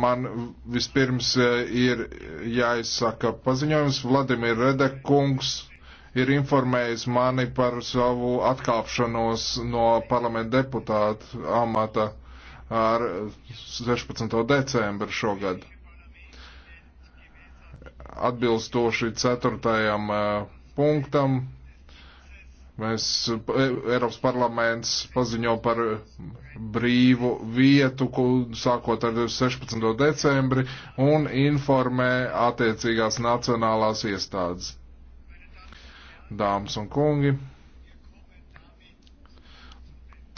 man vispirms eh, ir jāizsaka paziņojums. Vladimir Redekungs ir informējis mani par savu atkāpšanos no parlamenta deputāta amata ar 16. decembru šogad. Atbilstoši 4. Eh, punktam Mēs, eh, Eiropas parlaments paziņo par brīvu vietu, sākot ar 16. decembri, un informē attiecīgās nacionālās iestādes. Dāmas un kungi,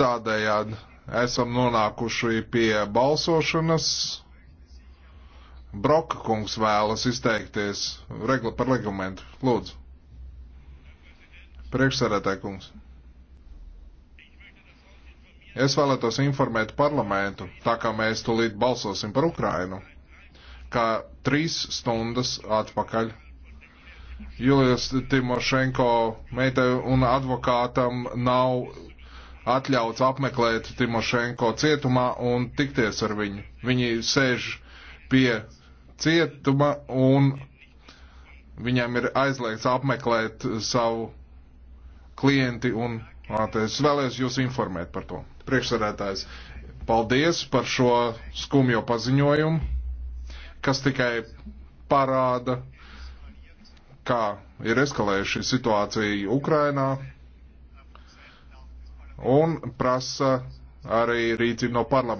tādējādi esam nonākuši pie balsošanas. Broka kungs vēlas izteikties regla par reglamentu. Lūdzu. Priekšsēdētāji kungs. Es vēlētos informēt parlamentu, tā kā mēs tulīt balsosim par Ukrainu, ka trīs stundas atpakaļ Julijas Timošenko meitai un advokātam nav atļauts apmeklēt Timošenko cietumā un tikties ar viņu. Viņi sēž pie cietuma un viņam ir aizliegts apmeklēt savu klienti un es vēlēs jūs informēt par to. Priekšsēdētājs, paldies par šo skumjo paziņojumu, kas tikai parāda, kā ir eskalējuši situācija Ukrainā un prasa arī rīcību no parlamenta.